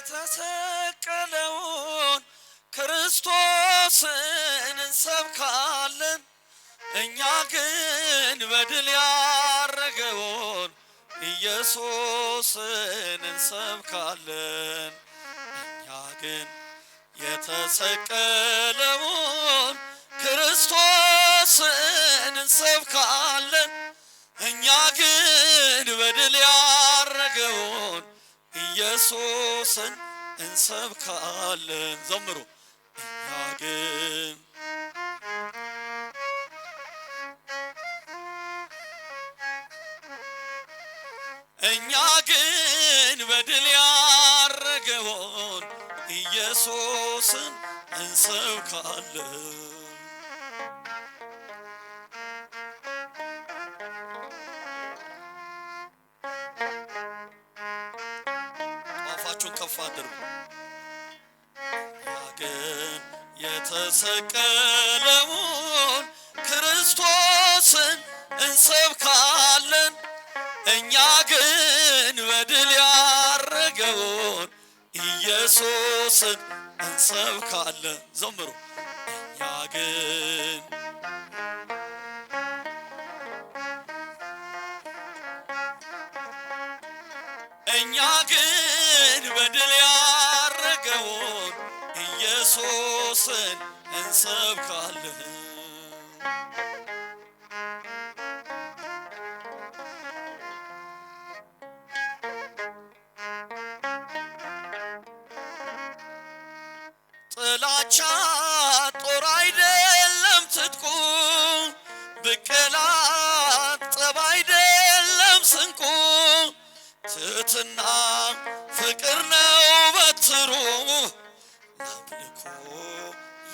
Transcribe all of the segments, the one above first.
የተሰቀለውን ክርስቶስን እንሰብካለን። እኛ ግን በድል ያረገውን ኢየሱስን እንሰብካለን። እኛ ግን የተሰቀለውን ክርስቶስን እንሰብካለን። እኛ ግን በድል ኢየሱስን እንሰብካለን። ዘምሩ እኛ ግን እኛ ግን በድል ያረገውን ኢየሱስን እንሰብካለን። ድምፃችሁን ከፍ አድርጉ። ግን የተሰቀለውን ክርስቶስን እንሰብካለን እኛ ግን በድል ያረገውን ኢየሱስን እንሰብካለን። ዘምሩ እኛ ግን እኛ ግን በድል ያረገውን ኢየሱስን እንሰብካለን። ጥላቻ ጦር አይደለም ትጥቁ ብቅላ ጠብ አይደለም ስንቁ ትትና ፍቅር ነው በትሩ አምልኮ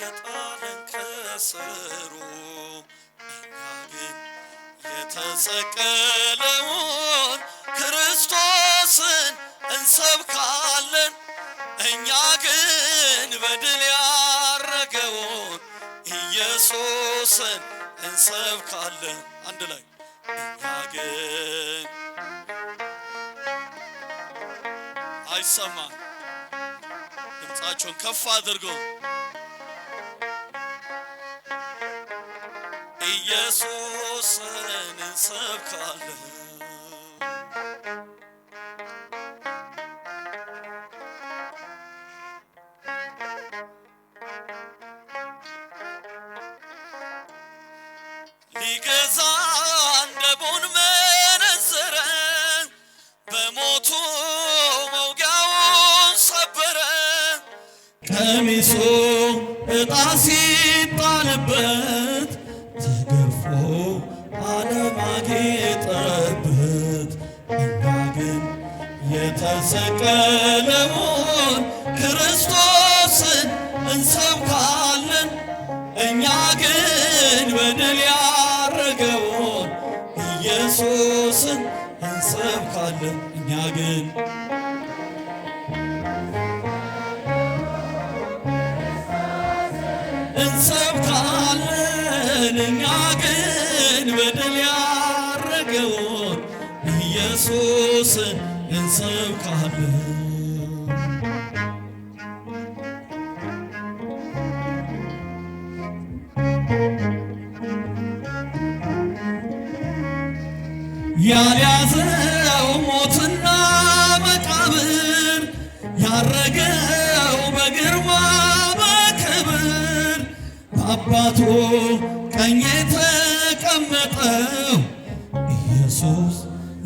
የጣለን ከስሩ እኛ ግን የተሰቀለውን ክርስቶስን እንሰብካለን እኛ ግን በድል ያረገውን ኢየሱስን እንሰብካለን አንድ ላይ እኛ ግን አይሰማ። ድምፃቸውን ከፍ አድርጎ ኢየሱስን እንሰብካለን ቀሚሱ ዕጣ ሲጣልበት ተገርፎ አለማጌጠበት አጌጠበት። እኛ ግን የተሰቀለውን ክርስቶስን እንሰብካለን። እኛ ግን በደል ያረገውን ኢየሱስን እንሰብካለን። እኛ ግን ስለኛ ግን በደል ያረገውን ኢየሱስን እንሰብካለን። ያልያዘው ሞትና መቃብር ያረገው በግርማ በክብር በአባቱ ቀኝ የተቀመጠው ኢየሱስ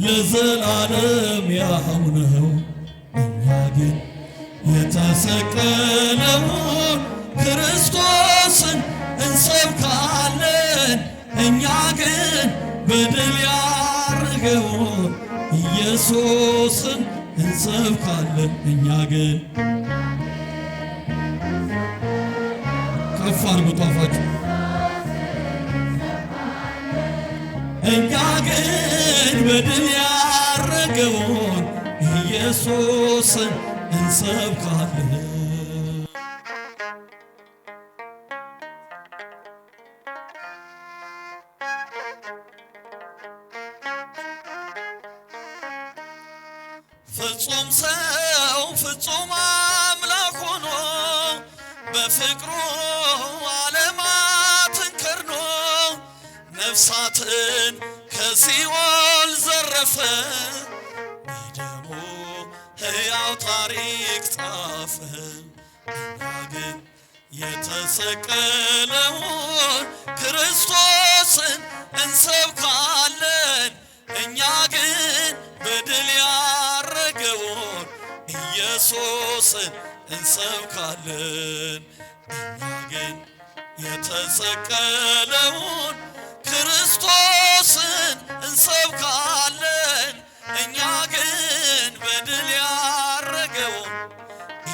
ለዘላለም ያው ነው። እኛ ግን የተሰቀለውን ክርስቶስን እንሰብካለን። እኛ ግን በድል ያረገውን ኢየሱስን እንሰብካለን። እኛ ግን ከፍ አድርጉ ጧፋችሁ እኛ ግን በድል ያረገውን ኢየሱስን እንሰብካለን። ነፍሳትን ከሲኦል ዘረፈ በደሙ ሕያው ታሪክ ጻፈ። እኛ ግን የተሰቀለውን ክርስቶስን እንሰብካለን። እኛ ግን በድል ያረገውን ኢየሱስን እንሰብካለን። እኛ ግን የተሰቀለውን ክርስቶስን እንሰብካለን እኛ ግን በድል ያረገው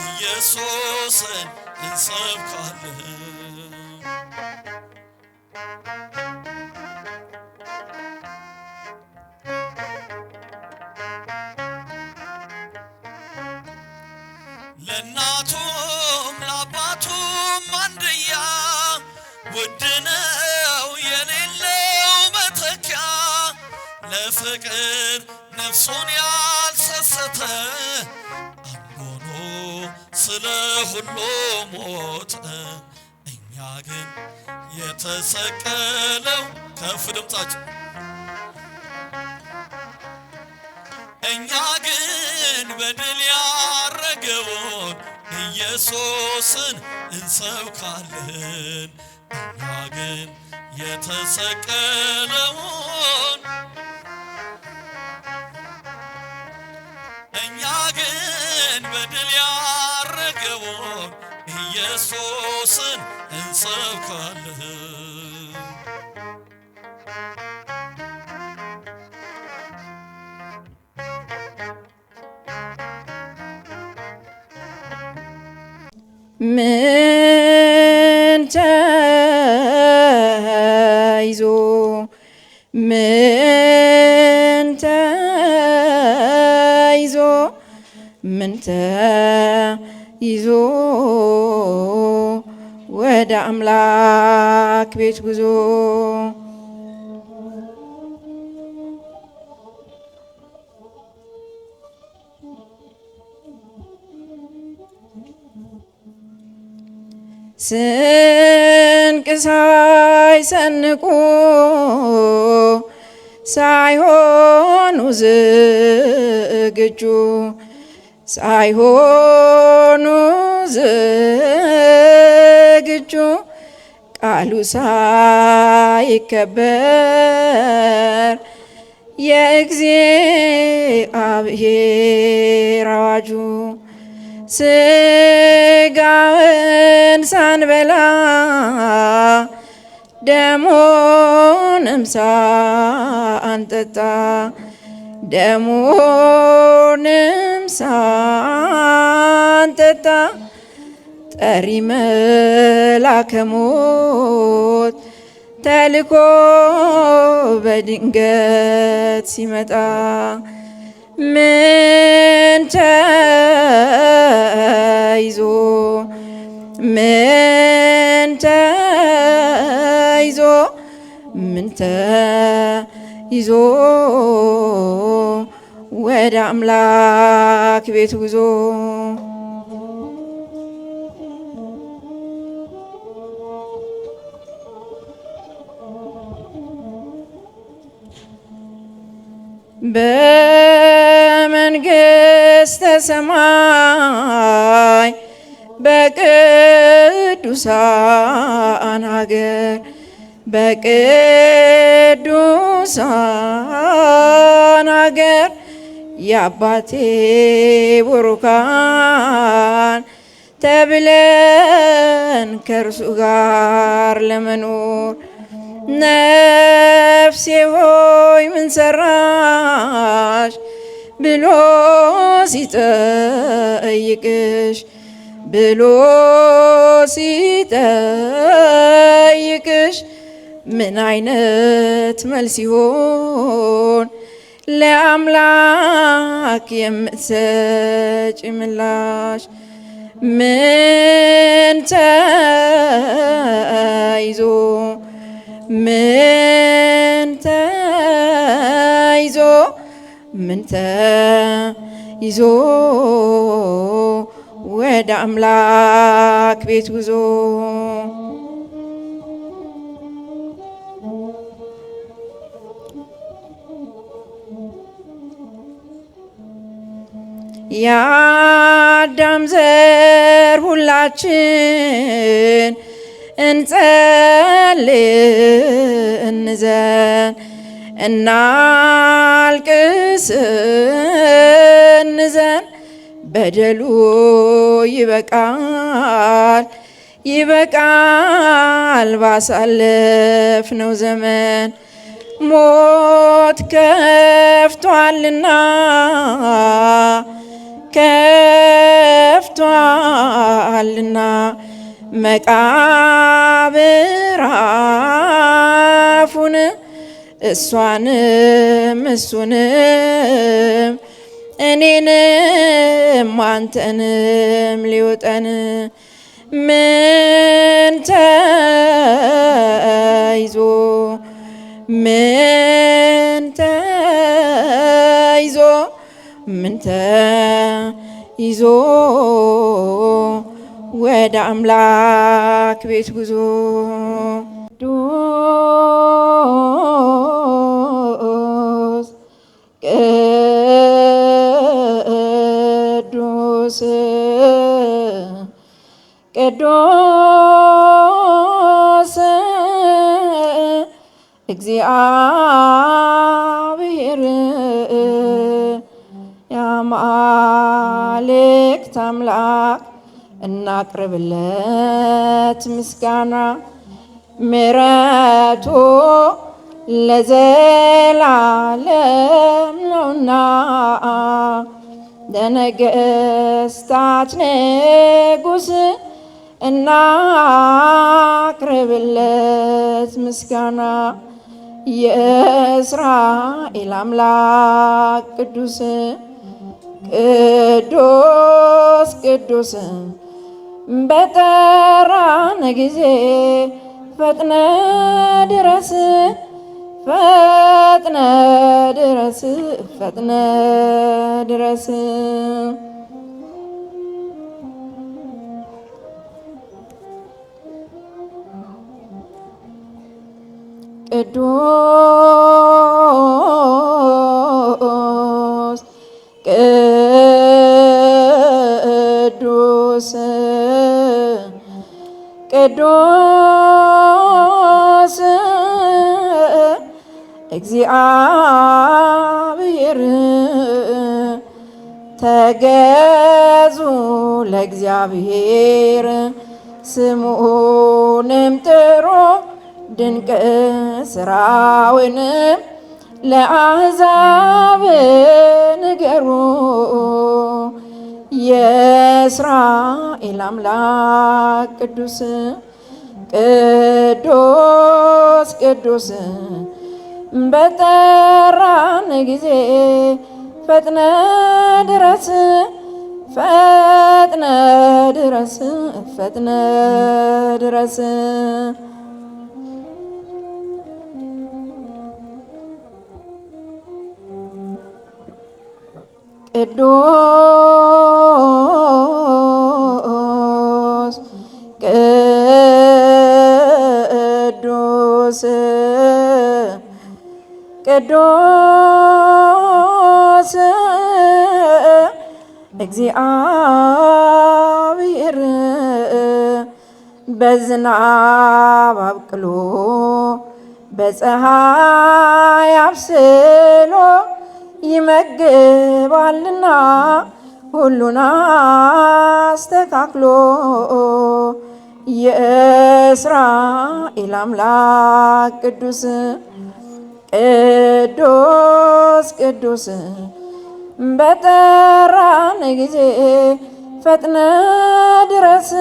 ኢየሱስን እንሰብካለን። ለእናቱም ለአባቱም አንድያ ውድ በፍቅር ነፍሱን ያልሰሰተ አንጎኖ ስለ ሁሉ ሞት እኛ ግን የተሰቀለው ከፍ ድምፃችን እኛ ግን በድል ያረገውን ኢየሱስን እንሰብካለን እኛ ግን የተሰቀለውን ግን በድል ያረገውን ኢየሱስን እንሰብካለን። ምን ወደ አምላክ ቤት ጉዞ ስንቅ ሳይሰንቁ ሳይሆኑ ዝግጁ ሳይሆኑ ዝግጁ ደግጁ ቃሉ ሳይከበር የእግዚአብሔር አዋጁ ስጋውን ሳንበላ ደሞንም ሳንጠጣ ደሞንም ሳንጠጣ ጠሪ መላከ ሞት ተልኮ በድንገት ሲመጣ ምን ተይዞ ምን ተይዞ ምን ተይዞ ወደ አምላክ ቤት ጉዞ በመንግሥተ ሰማይ በቅዱሳን ሀገር በቅዱሳን ሀገር የአባቴ ቡሩካን ተብለን ከእርሱ ጋር ለመኖር ነፍሴ ሆይ ምን ሰራሽ ብሎ ሲጠይቅሽ ብሎ ሲጠይቅሽ ምን አይነት መልስ ይሆን ለአምላክ የምትሰጪ ምላሽ? ምን ተይዞ አንተ ይዞ ወደ አምላክ ቤት ጉዞ የአዳም ዘር ሁላችን እንጸል እንዘን እናልቅስ እንዘን፣ በደሉ ይበቃል ይበቃል ባሳለፍነው ዘመን ሞት ከፍቷልና ከፍቷልና መቃብራፉን እሷንም እሱንም እኔንም አንተንም ሊውጠን ምን ተይዞ ምን ተይዞ ምን ተይዞ ወደ አምላክ ቤት ጉዞ ቅዱስ ቅዱስ እግዚአብሔር የአማልክት አምላክ እናቅርብለት ምስጋና ምረቱ ለዘላለም ነውና ለነገስታት ንጉሥ እናቅርብለት ምስጋና። የእስራኤል አምላክ ቅዱስ ቅዱስ ቅዱስ በጠራን ጊዜ ፈጥነ ድረስ ፈጥነ ድረስ ፈጥነ ድረስ ቅዱስ ቅዱስ ቅዱስ እግዚአብሔር ተገዙ ለእግዚአብሔር ስሙንም ጥሩ ድንቅ ስራውንም ለአሕዛብ ንገሩ። የእስራኤል አምላክ ቅዱስ ቅዱስ ቅዱስ በጠራን ጊዜ ፈጥነ ድረስ ፈጥነ ድረስ ፈጥነ ድረስ ቅዱስ ቅዱስ እግዚአብሔር በዝናብ አብቅሎ በፀሐይ አብስሎ ይመግባልና ሁሉን አስተካክሎ የእስራኤል አምላክ ቅዱስ ቅዱስ ቅዱስ በጠራን ጊዜ ፈጥነ ድረስ